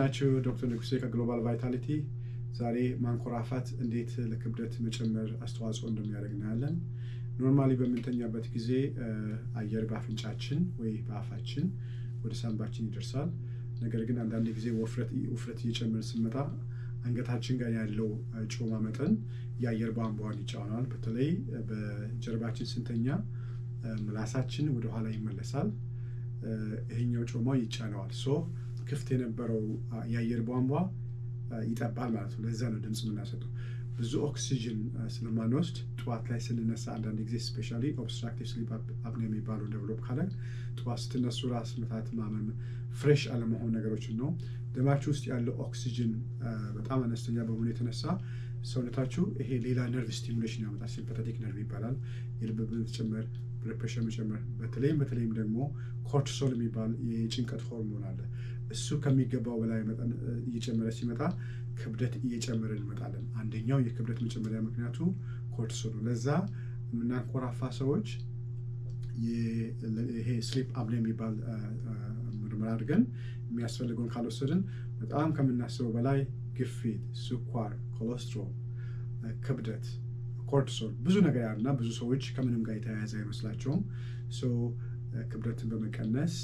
እንደምናችሁ ዶክተር ንጉሴ ከግሎባል ቫይታሊቲ። ዛሬ ማንኮራፋት እንዴት ለክብደት መጨመር አስተዋጽኦ እንደሚያደርግ እናያለን። ኖርማሊ በምንተኛበት ጊዜ አየር በአፍንጫችን ወይ በአፋችን ወደ ሳንባችን ይደርሳል። ነገር ግን አንዳንድ ጊዜ ውፍረት እየጨመረ ስመጣ አንገታችን ጋር ያለው ጮማ መጠን የአየር ቧንቧን ይጫናል። በተለይ በጀርባችን ስንተኛ ምላሳችን ወደኋላ ይመለሳል። ይሄኛው ጮማ ይጫነዋል ክፍት የነበረው የአየር ቧንቧ ይጠባል ማለት ነው። ለዛ ነው ድምፅ የምናሰጠው። ብዙ ኦክሲጅን ስለማንወስድ ጠዋት ላይ ስንነሳ አንዳንድ ጊዜ ስፔሻሊ ኦብስትራክቲቭ ስሊፕ አፕኒያ የሚባለው ደቨሎፕ ካለ ጠዋት ስትነሱ ራስ ምታት፣ ማመም፣ ፍሬሽ አለመሆን ነገሮችን ነው። ደማችሁ ውስጥ ያለው ኦክሲጅን በጣም አነስተኛ በመሆኑ የተነሳ ሰውነታችሁ ይሄ ሌላ ነርቭ ስቲሙሌሽን ያመጣል። ሲምፐታቲክ ነርቭ ይባላል። የልብ መጨመር፣ ብለድ ፕሬሽር መጨመር፣ በተለይም በተለይም ደግሞ ኮርቲሶል የሚባል የጭንቀት ሆርሞን አለ። እሱ ከሚገባው በላይ መጠን እየጨመረ ሲመጣ ክብደት እየጨመረ እንመጣለን። አንደኛው የክብደት መጨመሪያ ምክንያቱ ኮርቲሶል ለዛ የምናንኮራፋ ሰዎች ይሄ ስሊፕ አብ የሚባል ምርመራ አድርገን የሚያስፈልገውን ካልወሰድን በጣም ከምናስበው በላይ ግፊት፣ ስኳር፣ ኮለስትሮል፣ ክብደት፣ ኮርቲሶል ብዙ ነገር ያለና ብዙ ሰዎች ከምንም ጋር የተያያዘ አይመስላቸውም። ክብደትን በመቀነስ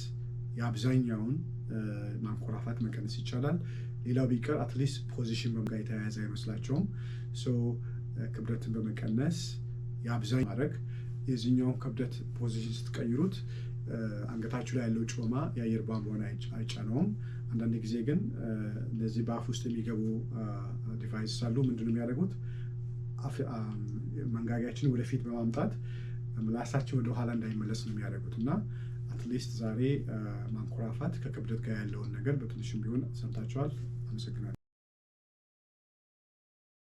የአብዛኛውን ማንኮራፋት መቀነስ ይቻላል። ሌላው ቢቀር አትሊስት ፖዚሽን በመጋ የተያያዘ አይመስላቸውም። ክብደትን በመቀነስ የአብዛኛው ማድረግ የዚህኛውን ክብደት ፖዚሽን ስትቀይሩት አንገታችሁ ላይ ያለው ጮማ የአየር ቧንቧን አይጫነውም። አንዳንድ ጊዜ ግን እነዚህ በአፍ ውስጥ የሚገቡ ዲቫይስ አሉ። ምንድነው የሚያደርጉት? መንጋጋያችንን ወደፊት በማምጣት ምላሳችን ወደኋላ እንዳይመለስ ነው የሚያደርጉት እና አትሊስት ዛሬ ማንኮራፋት ከክብደት ጋር ያለውን ነገር በትንሹም ቢሆን ሰምታችኋል። አመሰግናለሁ።